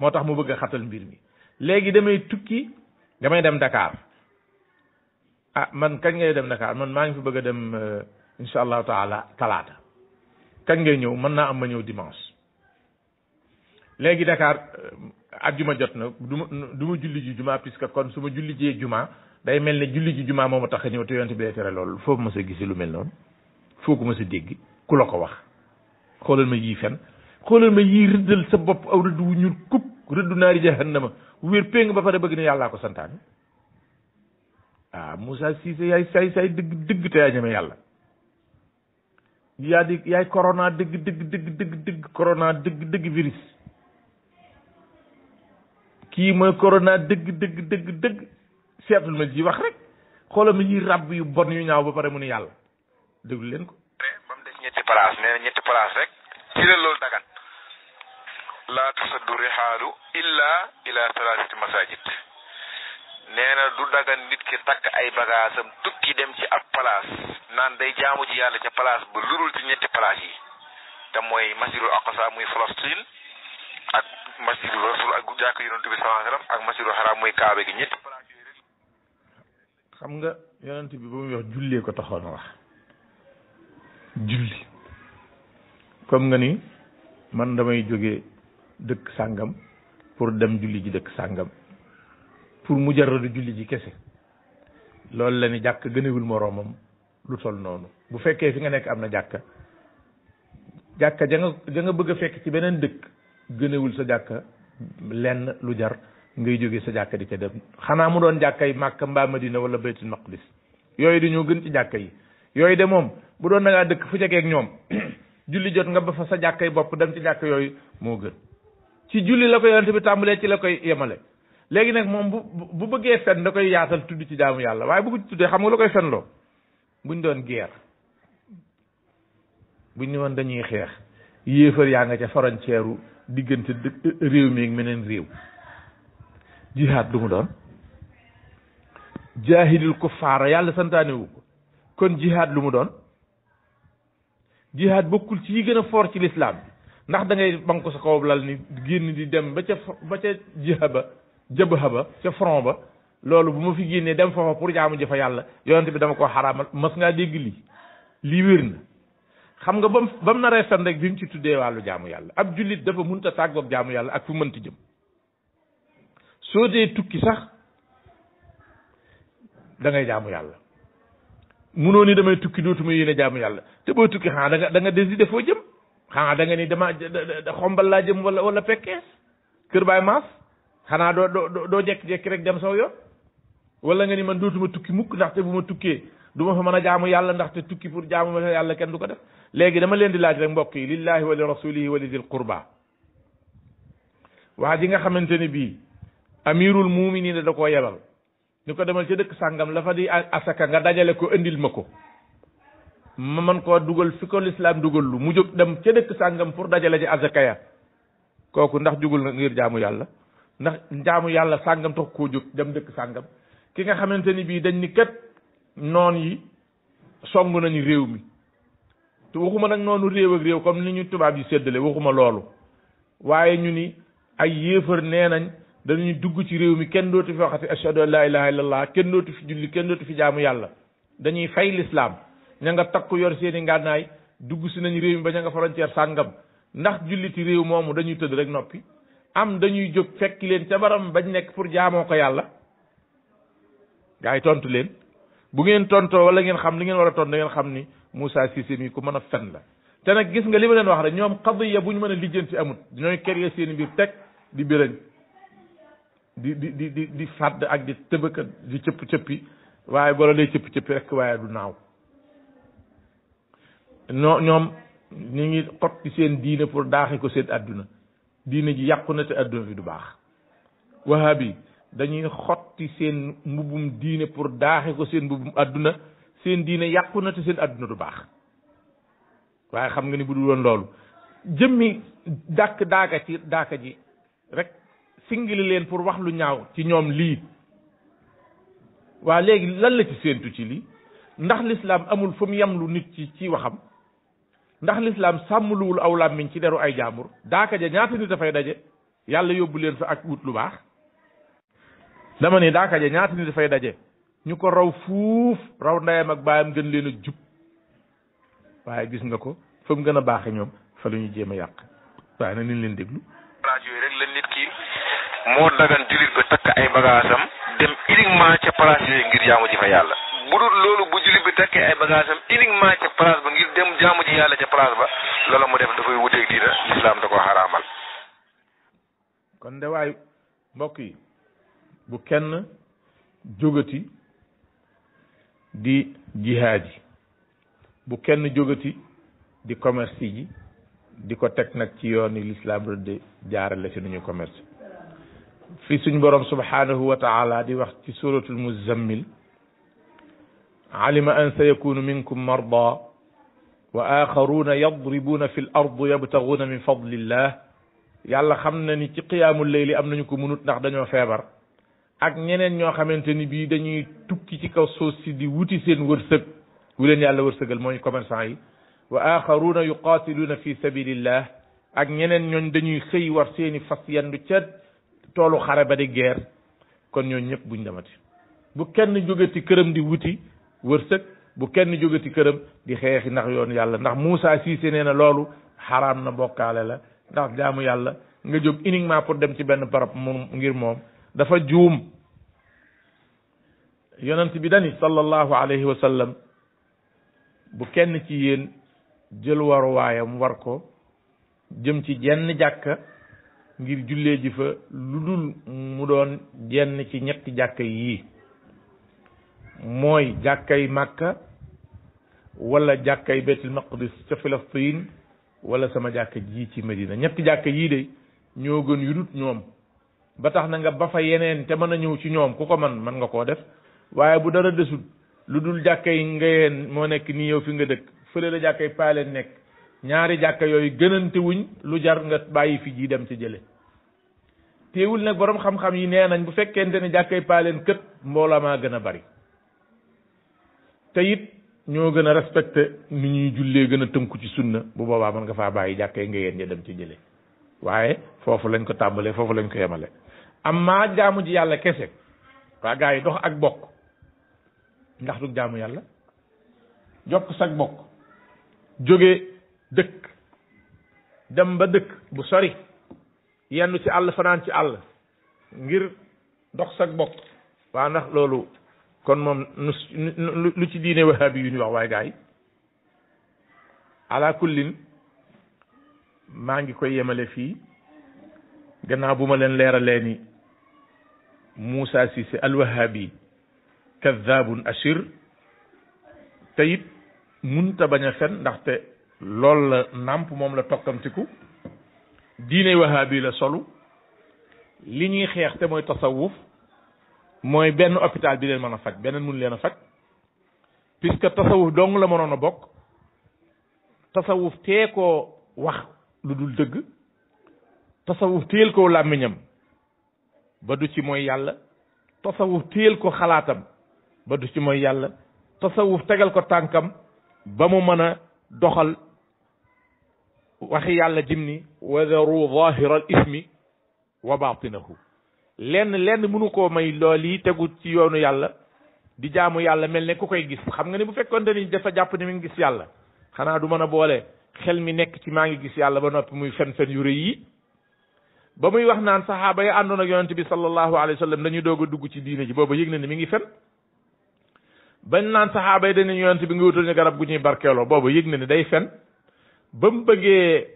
moo tax mu bëgg a xatal mbir mi léegi damay tukki damay dem ndakaar ah man kañ ngay dem Dakar man maa ngi fi bëgg a dem euh, incha allah taala talaata kañ ngay ñëw mën naa am ma ñëw dimanche léegi Dakar ajjuma euh, jot na du ma du ma julli ji juma puisque kon su ma julli jee juma day mel ne julli ji juma moom ma tax a ñëw te yonte bi day tere loolu foo ko mës a lu mel noonu foo ma mës dégg ku la ko wax xoolal ma yii fen xoolal ma yii rëddal sa bopp aw rëdd wu ñuul kub rëddu naari jahannama wér péng ba pare bëgg ne yàllaa ko santaane ah Moussa Cissé yaay saay saay dëgg dëgg te yaa ñeme yàlla yaa di yaay corona dëgg dëgg dëgg dëgg dëgg corona dëgg dëgg virus kii mooy corona dëgg dëgg dëgg dëgg seetul ma ji wax rek xoolal mi ñuy ràbb yu bon yu ñaaw ba pare mu ne yàlla déglu leen ko. ba mu des ñetti place nee ñetti place rek ci la loolu dagan. laa tasaddu rihaalu illa ila talaatati masajid nee na du dagan nit ki takk ay bagaasam tukki dem ci ab palaas naan day jaamu ci yàlla ca palaas ba lurul ci ñetti palaas yi te mooy masjidul aqsa muy Palestine ak masjidul rasul ak jàkk yonent bi ak masjidul haram muy kaabe gi ñetti palaas xam nga yonent bi ba muy wax jullee ko taxoon wax julli comme nga ni man damay jóge dëkk sàngam pour dem julli ji dëkk sàngam pour mu jar mujarradu julli ji kese loolu la ni jàkk gënewul moroomam lu toll noonu bu fekkee fi nga nekk am na jàkk jàkka ja nga ja bëgg a fekk ci beneen dëkk gënewul sa jàkk lenn lu jar ngay jóge sa jàkk di te dem xanaa mu doon jàkk jàkkay Màkka mbaa Madina wala baytul maqdis yooyu dañoo gën ci jàkka yi yooyu de moom bu doon da ngaa dëkk fu jegeeg ñoom julli jot nga ba fa sa jàkk jàkkay bopp dem ci jàkk yooyu moo gën ci julli la ko yonent bi tàmbalee ci la koy yemale léegi nag moom bu bu bëggee fen da koy yaatal tudd ci jaamu yàlla waaye bu ko tuddee xam nga la koy fenloo buñ doon guerre buñ ni woon dañuy xeex yéefar yaa nga ca frontière u diggante réew mi ak meneen réew jihaad lu mu doon ko kuffaara yàlla santaanewu ko kon jihaad lu mu doon jihaad bokkul ci yi gën a fort ci lislaam ndax da ngay banku sa kaw lal ni génn di dem ba ca ba ca jiha ba jëbha ba ca front ba loolu bu ma fi génnee dem foofa pour jaamu ji fa yàlla yonent bi dama koo xaraamal mas ngaa dégg lii lii wér na xam nga bam ba mu naree fen rek bi mu ci tuddee wàllu jaamu yàlla ab jullit dafa mënut a tàggoog jaamu yàlla ak fu mënti jëm soo dee tukki sax da ngay jaamu yàlla munoo ni damay tukki dootuma yéene jaamu yàlla te boo tukki xanaa da nga da nga décidé foo jëm xanaa da nga ni dama xombal laa jëm wala wala pekkees kër baay maas xanaa doo doo doo jekki-jekki rek dem saw yoon wala nga ni man dootuma tukki mukk ndaxte bu ma tukkee du ma fa mën a jaamu yàlla ndaxte tukki pour jaamu ma yàlla kenn du ko def léegi dama leen di laaj rek mbokk yi lillahi wa li rasulihi wa li dil qurba waa ji nga xamante ni bii amirul muminina da koo yebal ni ko demal ca dëkk sàngam la fa di asaka nga dajale ko indil ma ko ma man koo dugal fi ko lislaam dugal lu mu jóg dem ca dëkk sàngam pour dajale ci asaka kooku ndax jugul na ngir jaamu yàlla ndax njaamu yàlla sàngam tax koo jóg dem dëkk sàngam ki nga xamante ni bii dañ ni kat noon yi song nañu réew mi te waxuma nag noonu réew ak réew comme ni ñu tubaab yi séddale waxuma loolu waaye ñu ni ay yéefar nee nañ dañuy dugg ci réew mi kenn dootu fi waxati ashhadu an laa ilaha kenn dootu fi julli kenn dootu fi jaamu yàlla dañuy fay lislaam ña nga takku yor seeni ngànnaay dugg si nañu réew mi ba ña nga frontière sàngam ndax julliti réew moomu dañuy tëdd rek noppi am dañuy jóg fekk leen ca baram bañ nekk pour jaamoo ko yàlla gaa yi tontu leen bu ngeen tontoo wala ngeen xam li ngeen war a tontu da ngeen xam ni Moussa Cissé mi ku mën a fen la te nag gis nga li ma leen wax rek ñoom qadiya bu ñu mën a lijjanti amut ñooy créer seen mbir teg di bërëñ di di di di di ak di tëbëkkat di cëpp cëppi waaye bala lay cëpp cëppi rek waaye du naaw ñoo ñoom ñu ngi xot ci seen diine pour daaxi ko seen àdduna diine ji yàqu na te adduna bi du baax wahab yi dañuy xotti seen mbubbum diine pour daaxe ko seen mbubbum àdduna seen diine yàqu na te seen àdduna du baax waaye xam nga ni bu dul woon loolu jëmmi dàkk daaka ji rek singili leen pour wax lu ñaaw ci ñoom lii waa léegi lan la ci séentu ci lii ndax lislaam amul fu mu yem lu nit ci ci waxam ndax lislaam sàmmluwul aw làmmiñ ci deru ay jaambur daaka ja ñaata nit dafay daje yàlla yóbbu leen fa ak wut lu baax dama ni daaka ja ñaata nit dafay daje ñu ko raw fuuf raw ndeyam ak baayam gën leen a jub waaye gis nga ko fa mu gën a baaxe ñoom fa la ñu jéem a yàq waaye na niñ leen déglu place yooyu rek la nit ki moo dagan jullit ba takk ay bagaasam dem uniquement ca place yooyu ngir jaamu ji fa yàlla bu dul loolu bu jullit bi takkee ay bagage am ca place ba ngir dem jaamu ji yàlla ca place ba loola mu def dafay wuteeg diina lislaam da ko xaraamal kon de mbokk yi bu kenn jógati di jihaad yi bu kenn jógati di commerce ji di ko teg nag ci yoon yi lislaam rëdde jaarale fi nuñu commerce fi suñ borom subhanahu wa taala di wax ci suratul muzammil alima an sayakunu minkum marda wa axaruna yadribuna fi l ard yabtaxuna min fadlillah yàlla xam na ni ci qiyaamul leyli am nañu ko mënut ndax dañoo feebar ak ñeneen ñoo xamante ni bii dañuy tukki ci kaw suuf si di wuti seen wërsëg wu leen yàlla wërsëgal mooy commerçant yi wa axaruna yuqaatiluuna fi sabilillah ak ñeneen ñooñ dañuy xëy war seeni fas yandu ca toolu xare ba di guerre kon ñooñu ñëpp buñ demati bu kenn jógati këram di wuti wërsëg bu kenn jógati këram di xeexi ndax yoon yàlla ndax Moussa Cissé nee na loolu xaraam na bokkaale la ndax jaamu yàlla nga jóg uniquement pour dem ci benn barab moom ngir moom dafa juum yonent bi dani sallallahu alayhi wa sallam bu kenn ci yéen jël waruwaayam war ko jëm ci jenn jàkka ngir jullee ji fa lu dul mu doon jenn ci ñetti jàkka yii mooy jàkkay màkk walla jàkkay beytul maqdis ca Filastin wala sama jàkka ji ci Medina ñetti jàkka yii de ñoo gën yu ñoom ba tax na nga ba fa yeneen te mën a ñëw ci ñoom ku ko man man nga koo def waaye bu dara desul lu dul jàkkay ngayeen moo nekk nii yow fi nga dëkk fële la jàkkay paaleen nekk ñaari jàkka yooyu gënantewuñ lu jar nga bàyyi fi ji dem ci jële teewul nag boroom xam-xam yi nee nañ bu fekkente ne jàkkay paaleen kët mboola maa gën a bari te it ñoo gën a respecté ni ñuy jullee gën a tënku ci sunna bu boobaa mën nga faa bàyyi jàkkee nga yéen ña dem ci jële waaye foofu lañ ko tàmbalee foofu lañ ko yemale am amma jaamu ji yàlla kese waa gaa yi dox ak bokk ndax du jaamu yàlla jokk sag bokk jóge dëkk dem ba dëkk bu sori yenn ci àll fanaan ci àll ngir dox sag bokk waa ndax loolu kon moom nu lu ci diine wahabi yu ñu wax waaye gaay ala kullin maa ngi koy yemale fii gannaaw bu ma leen leeralee ni Moussa Cissé alwahabi kaddaabun ashir te it munta bañ a fen ndaxte loolu la nàmp moom la tokkamtiku diine wahabi la solu li ñuy xeex te mooy tasawuf mooy benn hôpital bi leen mën a faj beneen mun leen a faj puisque tasawuf dong la mënoon a bokk tasawuf tee wax lu dul dëgg tasawuf téel koo làmmiñam ba du ci mooy yàlla tasawuf téel ko xalaatam ba du ci mooy yàlla tasawuf tegal ko tànkam ba mu mën a doxal waxi yàlla jim ni wadaru zahira al ismi wa batinahu lenn lenn mënu koo may lool yi tegu ci yoonu yàlla di jaamu yàlla mel ne ku koy gis xam nga ne bu fekkonte ni dafa jàpp ni mi ngi gis yàlla xanaa du mën a boole xel mi nekk ci maa ngi gis yàlla ba noppi muy fen-fen yu rëy yi ba muy wax naan saxaaba ya àndoon ak yonent bi sallallahu alayhi wa sallam dañuy doog a dugg ci diine ji boobu yëg na ne mu ngi fen ba naan saxaaba yi dañu yonent bi nga wutal ñu garab gu ñuy barkeeloo boobu yëg na ne day fen ba mu bëggee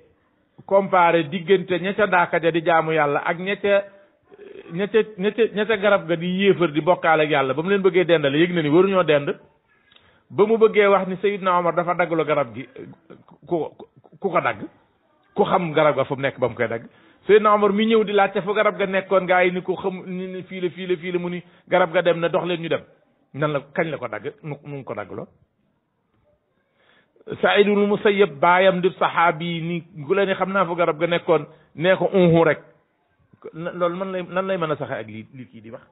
comparé di jaamu yàlla ak ña ca ña garab ga di yéefar di bokkaale ak yàlla ba mu leen bëggee dendale yëg na ni waruñoo dend ba mu bëggee wax ni Seydina Omar dafa daggaloo garab gi ku ko dagg ku xam garab ga fu nekk ba mu koy dagg Seydina Omar mi ñëw di laajte fu garab ga nekkoon gaa yi ni ko xam ni fii la fii la mu ni garab ga dem na dox leen ñu dem nan la kañ la ko dagg mu mu ngi ko daggaloo Saïdul Musayyab baayam di saxaabi ni gu leen xam naa fu garab ga nekkoon nee ko unhu loolu man lay nan lay mën a saxe ak li li kii di wax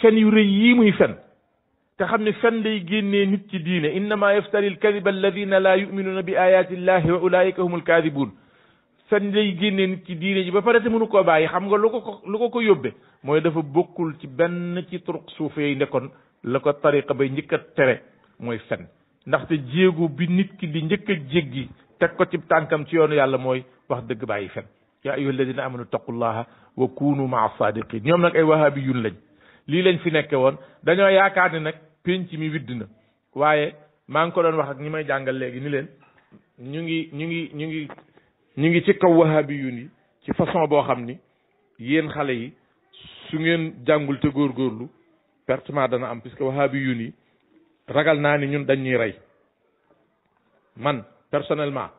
fen yu rëy yii muy fen te xam ne fen lay génne nit ci diine innama yaftari alkadiba alladina la yuminuuna bi ayati illahi wa ulaika hum alkadibuun fen day génnee nit ci diine ji ba pare te mënu koo bàyyi xam nga lu ko ko lu ko ko yóbbe mooy dafa bokkul ci benn ci turuq suufe yi nekkoon la ko tariqa bay njëkk a tere mooy fen ndaxte jéego bi nit ki di njëkk a jéggi teg ko ci tànkam ci yoonu yàlla mooy wax dëgg bàyyi fen yaa ayuha alladina amanu taqullaha wa kunu maa sadiqin ñoom nag ay wahabi yun lañ lii lañ fi nekke woon dañoo yaakaar ni nag pénc mi widd na waaye maa ngi ko doon wax ak ñi may jàngal léegi ni leen ñu ngi ñu ngi ñu ngi ñu ngi ci kaw wahabi yun yi ci façon boo xam ni yéen xale yi su ngeen jàngul te góorgóorlu pertement dana am puisque wahabi yun yi ragal naa ni ñun dañ ñuy rey man personnellement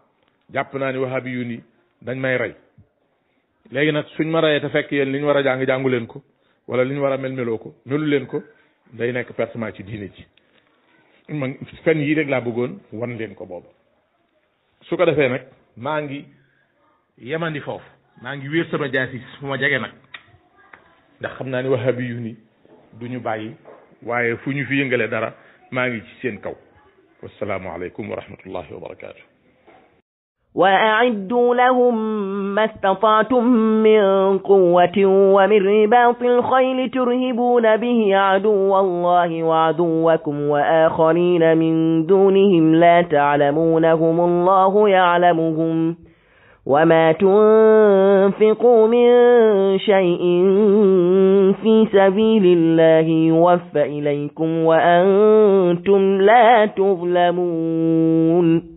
jàpp naa ni wahabi yun yi dañ may rey léegi nag suñ ma rayee te fekk yéen li ñu war a jàng jàngu leen ko wala li ñu war a mel meloo ko melu leen ko day nekk pertement ci diine ji fen yii rek laa bëggoon wan leen ko boobu su ko defee nag maa ngi yemandi foofu maa ngi wéer sama jaasi su ma jege nag ndax xam naa ni wahabi yu ni du ñu bàyyi waaye fu ñu fi yëngale dara maa ngi ci seen kaw wassalaamu aleykum wa rahmatullahi wa barakaatu وأعدوا لهم ما استطعتم من قوة ومن رباط الخيل ترهبون به عدو الله وعدوكم وآخرين من دونهم لا تعلمونهم الله يعلمهم وما تنفقوا من شيء في سبيل الله يوفى إليكم وأنتم لا تظلمون